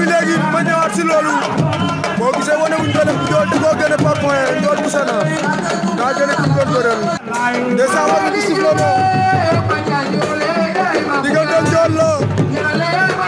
bi léegi ma ñëwaat si loolu boo gisee wane wuñ ko def njool di ko gën a par point njool bu sena daa gën a kum doon gërëm ndeysaan wala bi siflo mo diggante njool la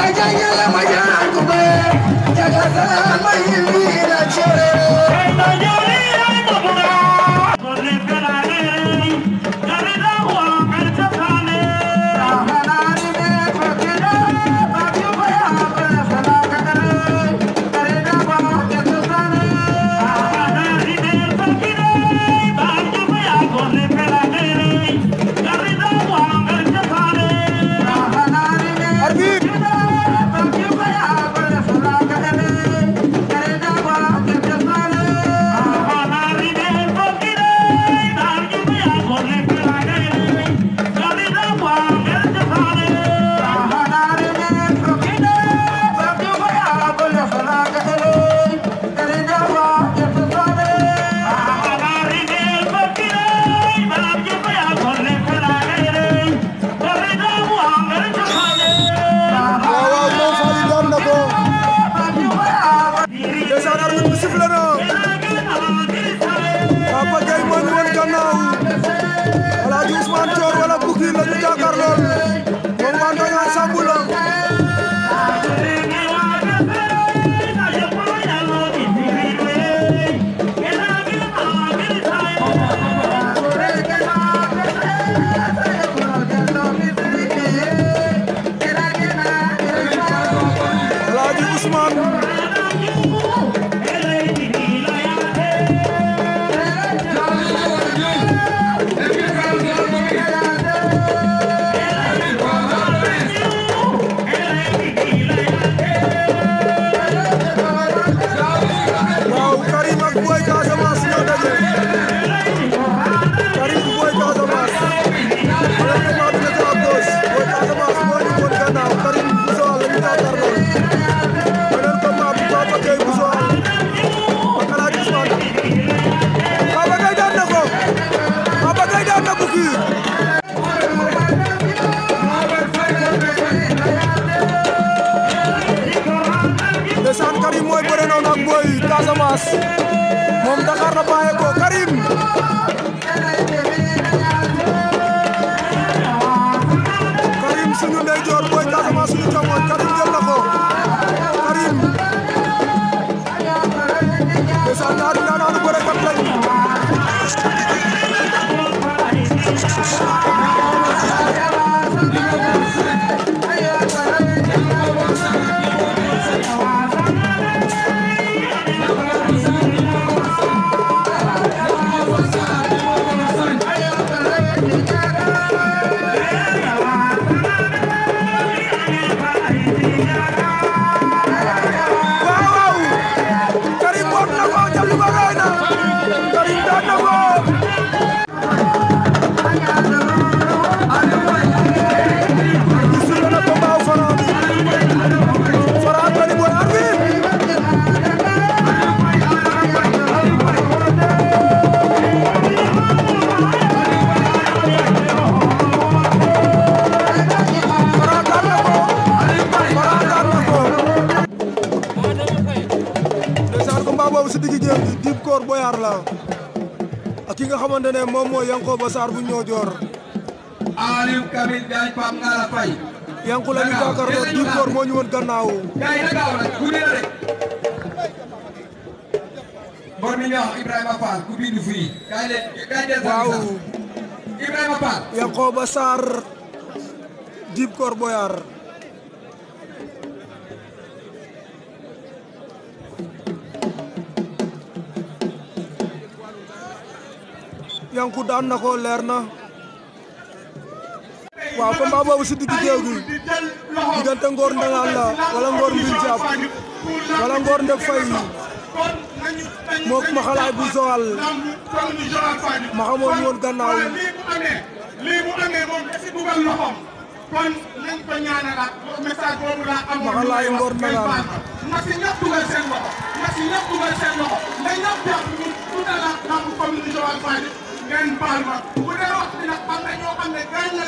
Hey, Mayor! Ndeysaan mooy bëre noonu ak booy Casamance ko Yankoba Sarr bu Niodior Aliou Kabir Diagne Pape Ngala Faye yanku la ñu jàkkaarloo Diouf Kor moo ñu woon gannaaw gaay na gaaw na ku bindu fii gaay yanku daan na si digg géew gi diggante Ndangaan la wala Ngor Mbin Jaab wala Ndek Fay mook maxalaay bu Joal maxa moo lii mu amee moom dasi dugal loxoom kon nañ ko ñaanalaat message boobu laa amoon maxalaay Ngor Ndangaan ngeen baal ma bu dee wax bi nag am na ñoo xam na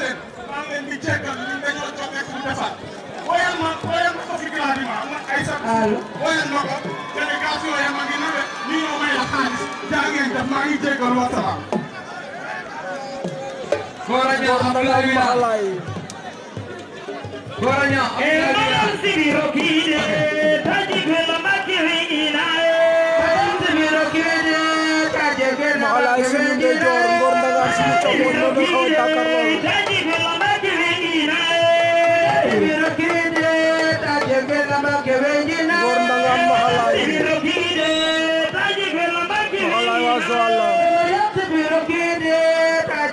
leen maa ngi di jéggal ñun dañoo jógee suñu defar woyal ma woyal ma ko fi galaadi ma am na ay sa woyal ma délégation ya ma ngi nawe ñu ñoo may la xaalis jaa def maa ngi jéggal wa salaam Goranya Abdullah Goranya eh, Abdullah Goranya eh, Abdullah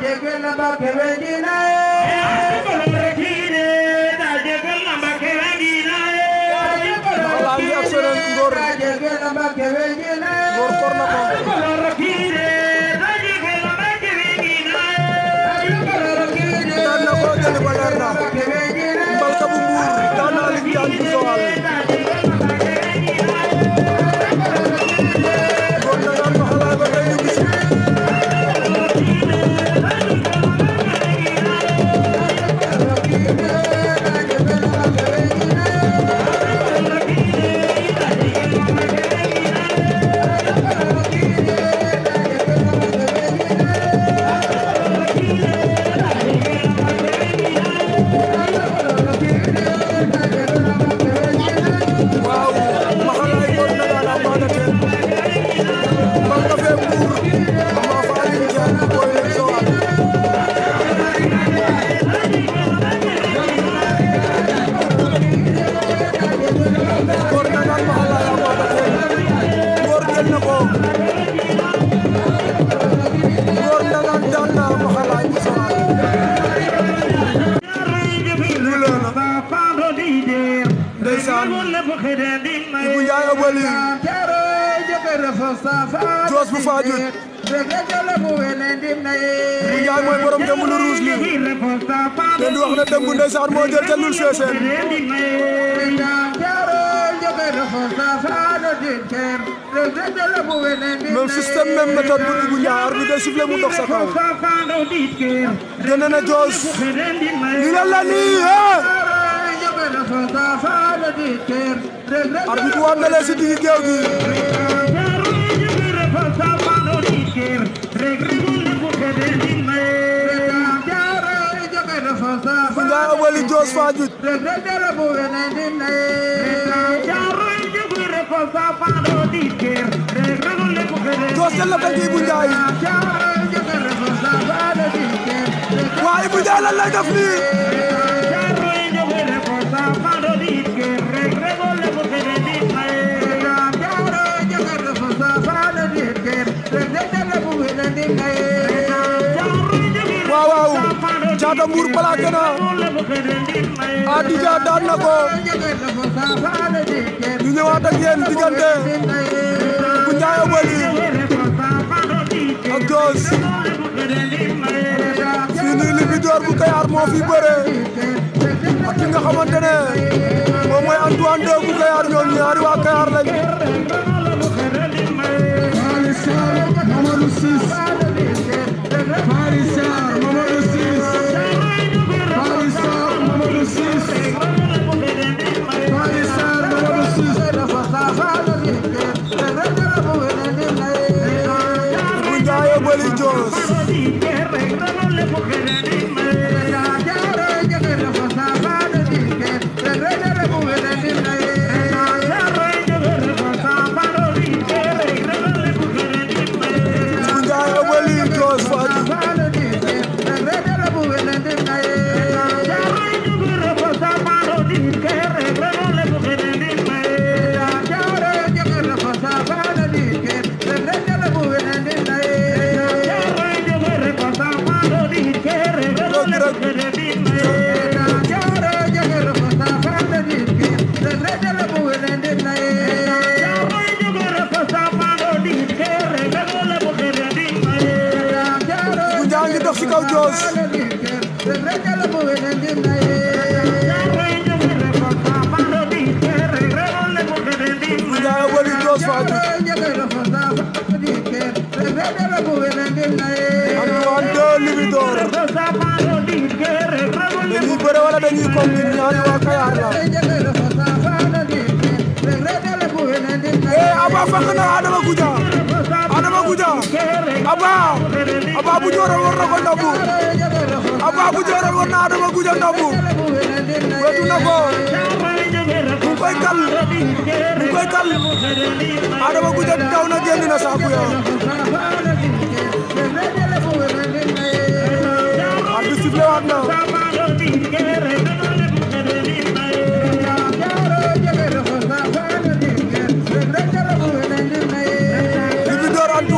দেখবেন না ভেবে দিন bu Fadiouth bu Njaay mooy borom dem bu ruus li te du wax na dem bu ndeysaan moo jël te lul seeseen même système même méthode bu Ibou Ndiaye ar bi day sifflé mu dox sa kaw génne na joos li la la nii ar bi du waat na lee si diggi géew gi Singa Obali Jos Fadiouth Jos jël na bëgg Ibou Ndiaye waa Ibou Ndiaye lan lay def nii waaw waaw Caata Mbuur plaqué na a daan na ko ñu ñëwaat diggante bu Njaay Obali ak Goos fii nii Libidor bu Kayar moo fi bëre ak ki nga xamante ne moom mooy Antoine Deux bu Kayar ñoom ñaari ne waa Kayar la eh Abba fang na Adama Goudia Adama Goudia Abba Abba bu jooroon war na ko ndóbbu Abba bu jooroon war na Adama Goudia ndóbbu wetu na ko mu koy kal mu koy kal Adama Goudia daw na génn na saaku ya ar bi sifflé waat na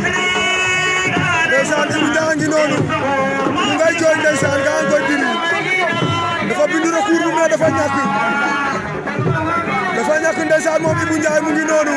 ndeysaan débutant ngi noonu mu ngay jooy ndeysaan nga koy diri dafa bindu recours bi mais dafa ñàkk dafa ñàkk ndeysaan moom Ibou Ndiaye mu ngi noonu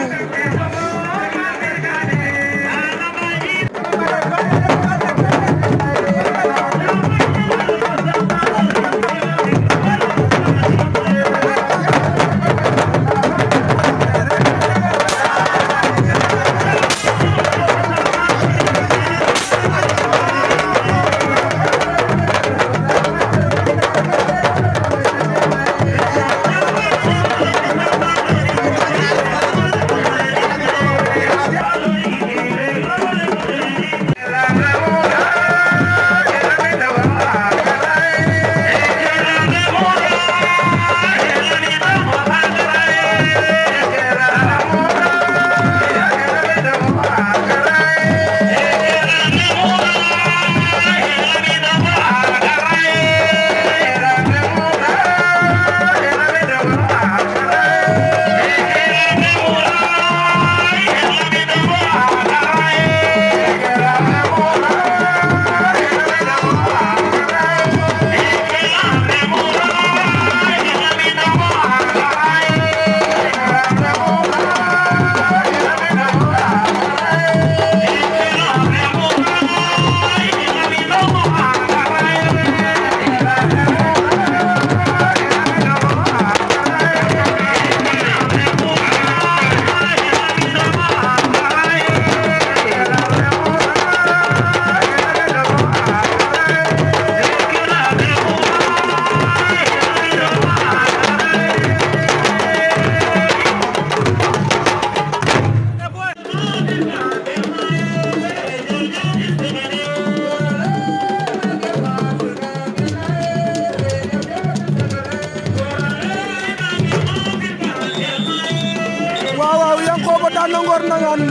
daan na Ngor Ndangaan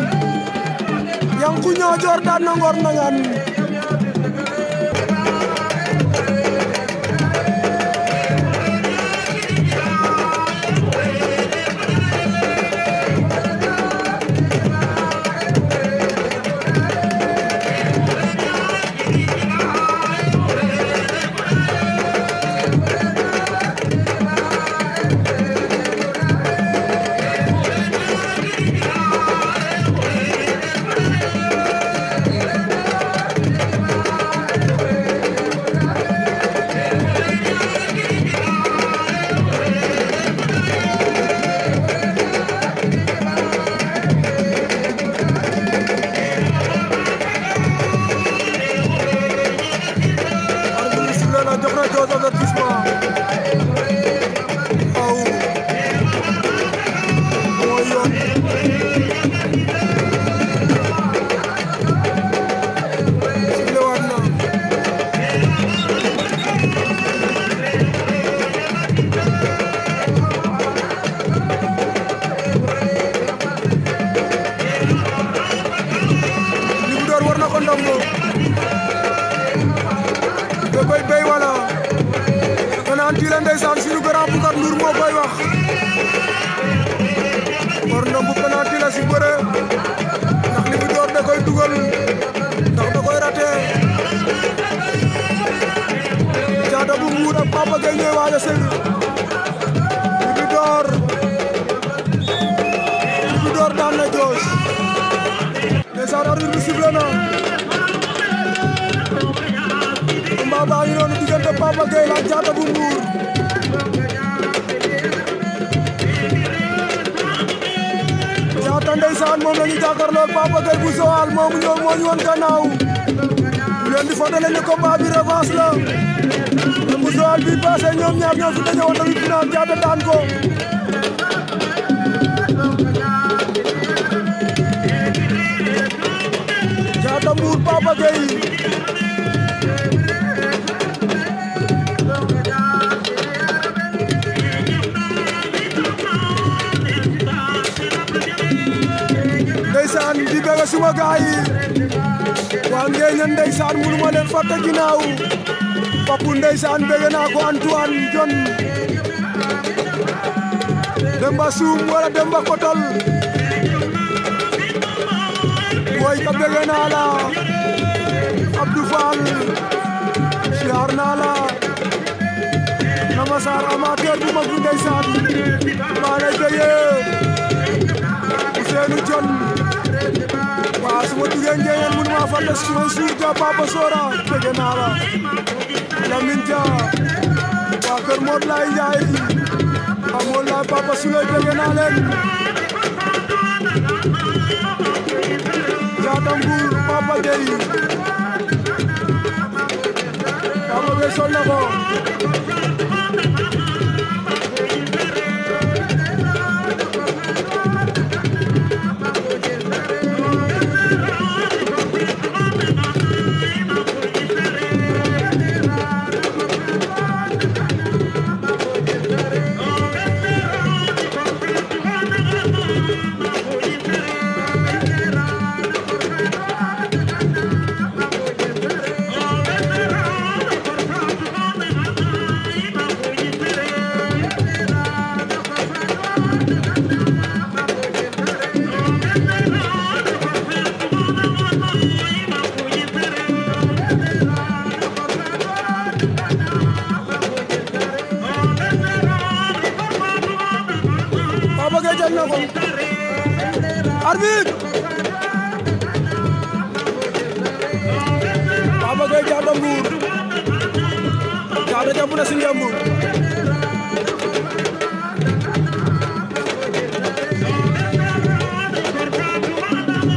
Yankou Niodior daan na bu Joal bi passé ñoom ñaar ñoo fi dañoo woon tamit final Diatta daan ko Diatta Mbour Papa Gueye di bëgg suma gaay yi waa ngeeña mulu mënuma leen fàtte ginnaaw papu ndeysaan bëgg naa ko Antoine John Demba Suum wala Demba Kotol woy ka bëgg naa la Abdou Fall siar naa la Namasar amateur bu mag bi ndeysaan lay bëggee Ousseynou John ma duggee ngeen mënuma fàtte si Mansour a Papa Sora bëgg naa la Lamine Dia waa kër Modou Laye Ndiaye waa a Laye Papa Souley bëgg naa leen Diatta Mbour Papa Gueye Papa Gueye sol na ko jàpp na si ngemb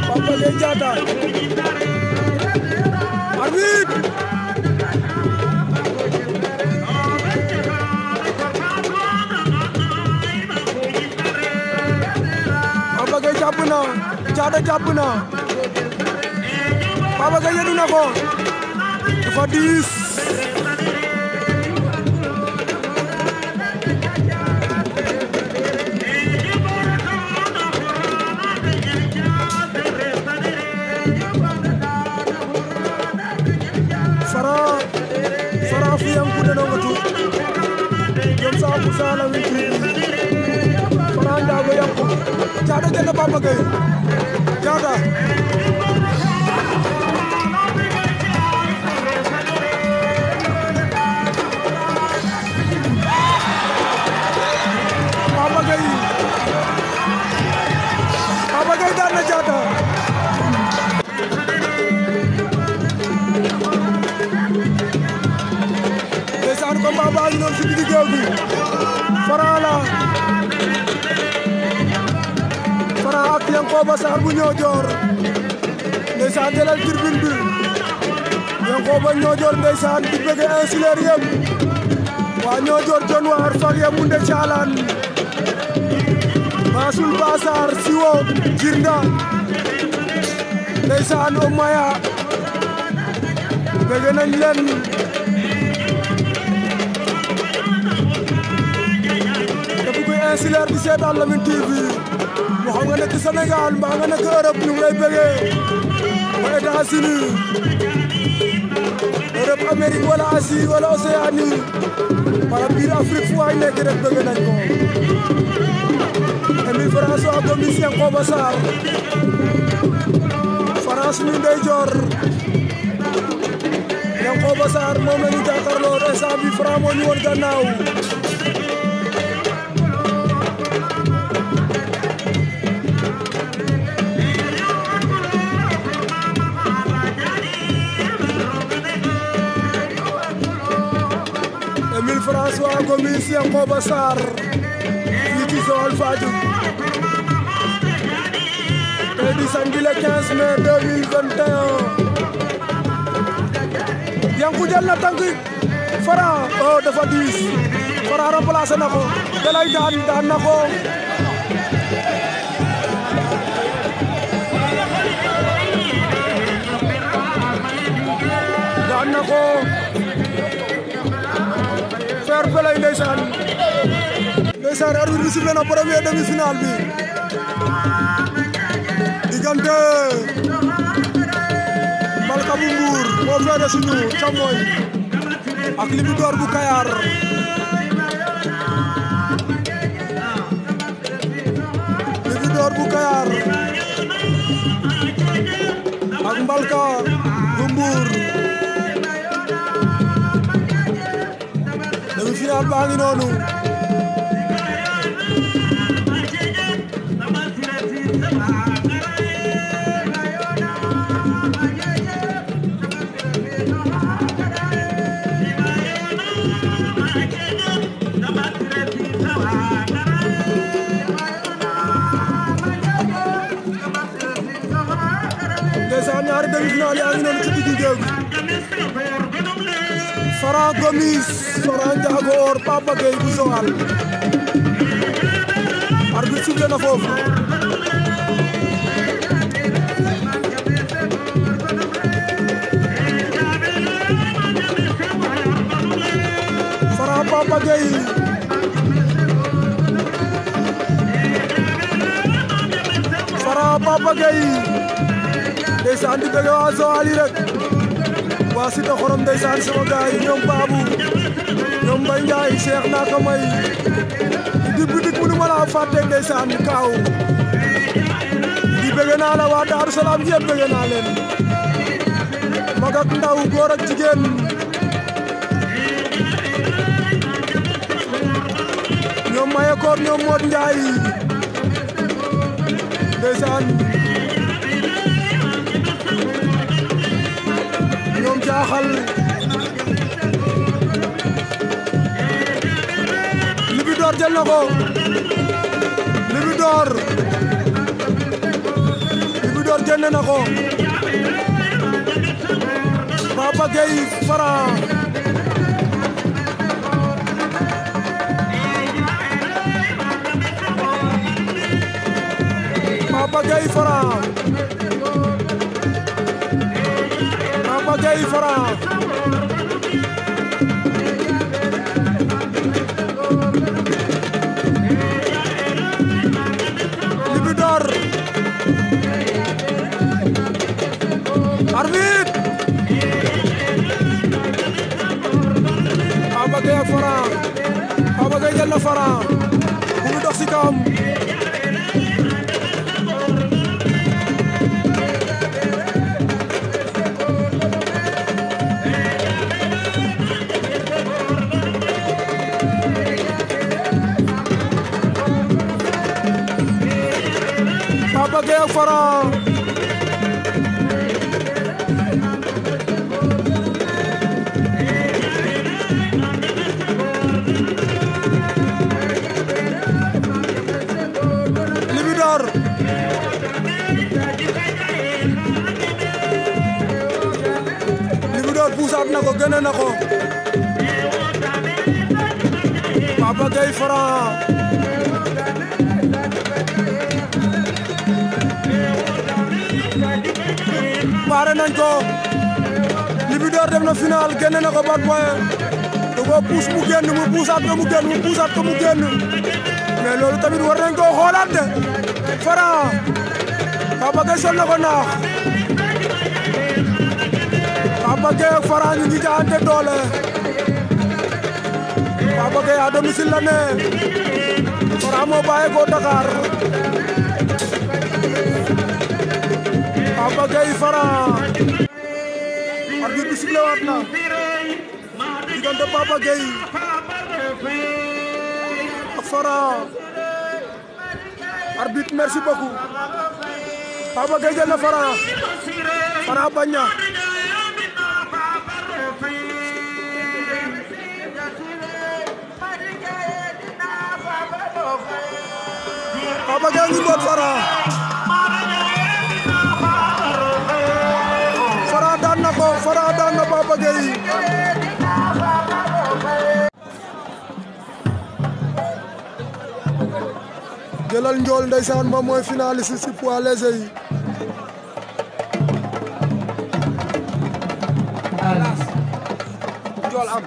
Papa Gueye Diatta arbitre Papa Gueye jàpp na Diatta jàpp na Papa Gueye yenu na ko dafa diis Sala Witry Franc Ndiago yàpp Caata jël na Bamba Gaye Yankoba Saxar bu Ñoojoor ndeysaan jëlal turbine bi Yankoba Ñoojoor ndeysaan di bëgg insulaire yëpp waa Ñoojoor jon wa arfal ya munde caalaan Masul Basar Siwo Jirnda ndeysaan o maya bëgg nañ leen te bu koy insulaire di seetaan Lamyn TV mu xam nga nekk Sénégal mbaa nga nekk Europe ñu ngi lay bëggee ba États-Unis Europe Amérique wala biir Afrique fu waay nekk rek bëgg nañ ko Émile François Gomis Yankoba Sarr France ñu ndeyjoor Yankoba Sarr moom la ñu jàkkaarloo instant bi Franc moo gannaaw ko musicien Koba Sarr fii ci Joal Fadiouth tey di samedi le na tànk Fara oh dafa diis Fara remplacé na ko dalay daan daan na ko daan na ko ndeysaan ndeysaan arbitre bi sifflé na premier bu Mbour moo féete suñu bu Kayar ak Mbalka final baa ngi noonu Ndeysaan ñaari demi final yaa ngi noonu ci digg géew gi Sora Gomis Sora Ndiagoor Papa Gueye bu Joal arbitre sifflé na foofu Sora Papa Gueye Sora Papa Gueye ndeysaan di bëgg waa Joal rek waa si ta xorom ndeysaan sama gaa yi ñoom baabu ñoom mbay njaay seex naa ko may di bu dik mënu ma laa fàtte ndeysaan kaaw di bëgg waa Daaru Salaam yëpp bëgg ndaw góor jigéen ñoom maye koor ñoom moot njaay ndeysaan jaaxal Libidor jël na ko Libidor Libidor génne na ko Papa Gueye Franc Papa Gueye Franc Franc Libidor arbitre Papa Gueye ak Franc Papa Gueye jël na Franc mu ngi dox si kawam mat na ko gën na ko Papa Gueye Franc pare nañ ko Libidor dem na final génne na ko bat point da ko puus mu génn mu puusaat ko mu génn mu puusaat ko mu génn mais loolu tamit war nañ koo xoolaat de Franc Papa Gueye sol na ko naax Papa Gueye ak ñu ngi jaante doole Papa Gueye à domicile la ne Franc moo bàyyeekoo Dakar Papa Gueye Franc arbitre bi sifflé na Papa Gueye ak arbitre merci beaucoup Papa Gueye jël na farah Franc Papa Gueye ngi mboot Fara Fara daan na ko Fara daan na Papa Gueye jëlal njool ndeysaan ba mooy finaliste si poids léger yi njool am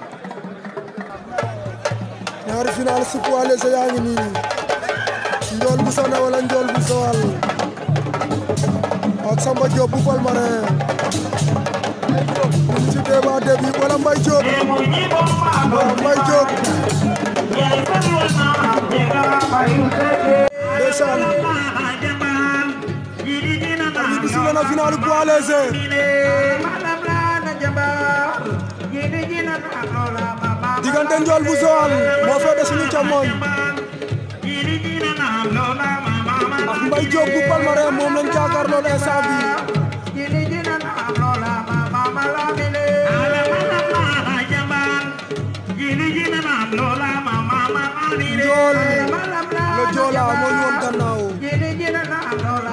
ñaari finaliste si poids léger yaa ngi nii Ngañ bu Sane wala Njool bu Sowal ak Samba Diop bu Palmarin ñu ci débat début wala Mbaye Diop waaw Mbaye Diop ndeysaan ami bi si nana final poids léger diggante Njool bu Sowal moo féete suñu càmmoñ ak Mbaye Diop bu Palmarin moom lañ jàkkaarloo instant bi Njool le Joola moo ñu woon gannaaw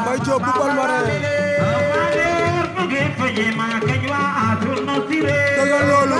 Mbaye Diop bu Palmarin dëgg loolu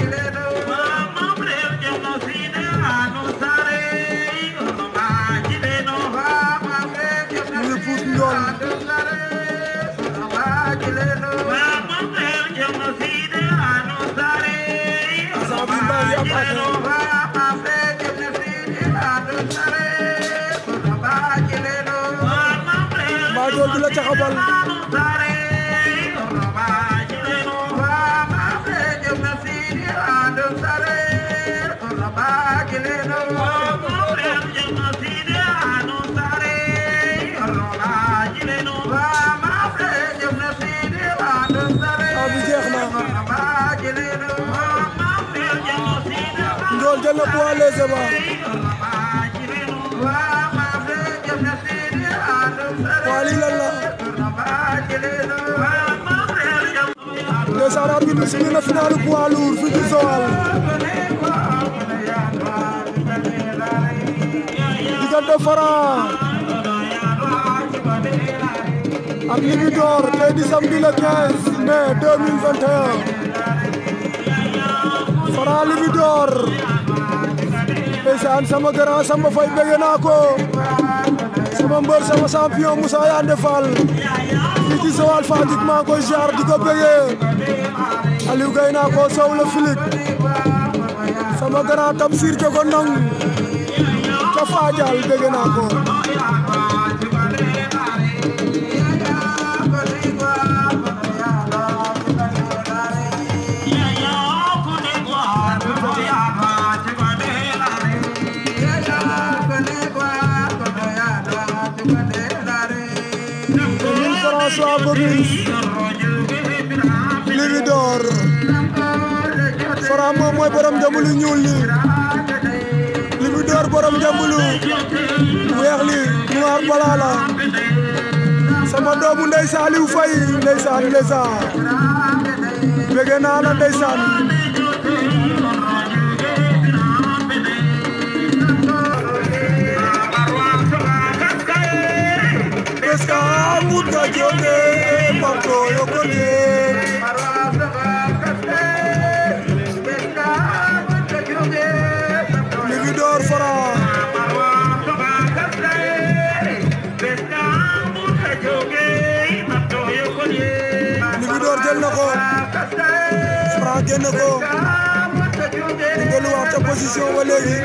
maa doon du la caxabal dese ba waa lii lan la ndeysaan arbitre bi signé na final poids lourd fii ci Joal diggante Franc ak Libidor tey di samedi le 15 mai 2021 Franc Libidor ndeysaan sama grand Samba Faye bëgg naa ko sama mbër sama champion Moussa Yande Fall fii ci Joal Fadiouth maa koy di ko bëggee Aliou Gaye ko Sow la filig sama grand Tamsir Jogo Ndong ca Fadial bëgg naa ko Fabrice Libidor Franc moom borom jambulu ñuul li Libidor borom jambulu weex li noir balaa sama doomu ndeysaan Aliou Faye ndeysaan ndeysaan bëgg naa la ndeysaan Pesca, muda, yo te Franc génn ko mu delluwaat ca position ba léegi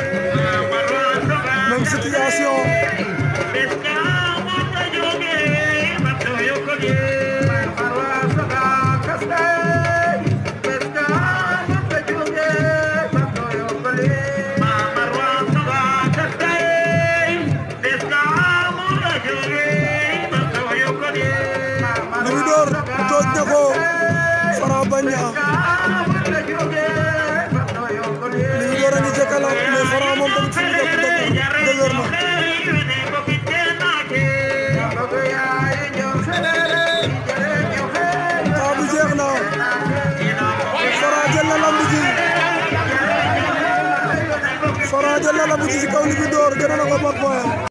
même situation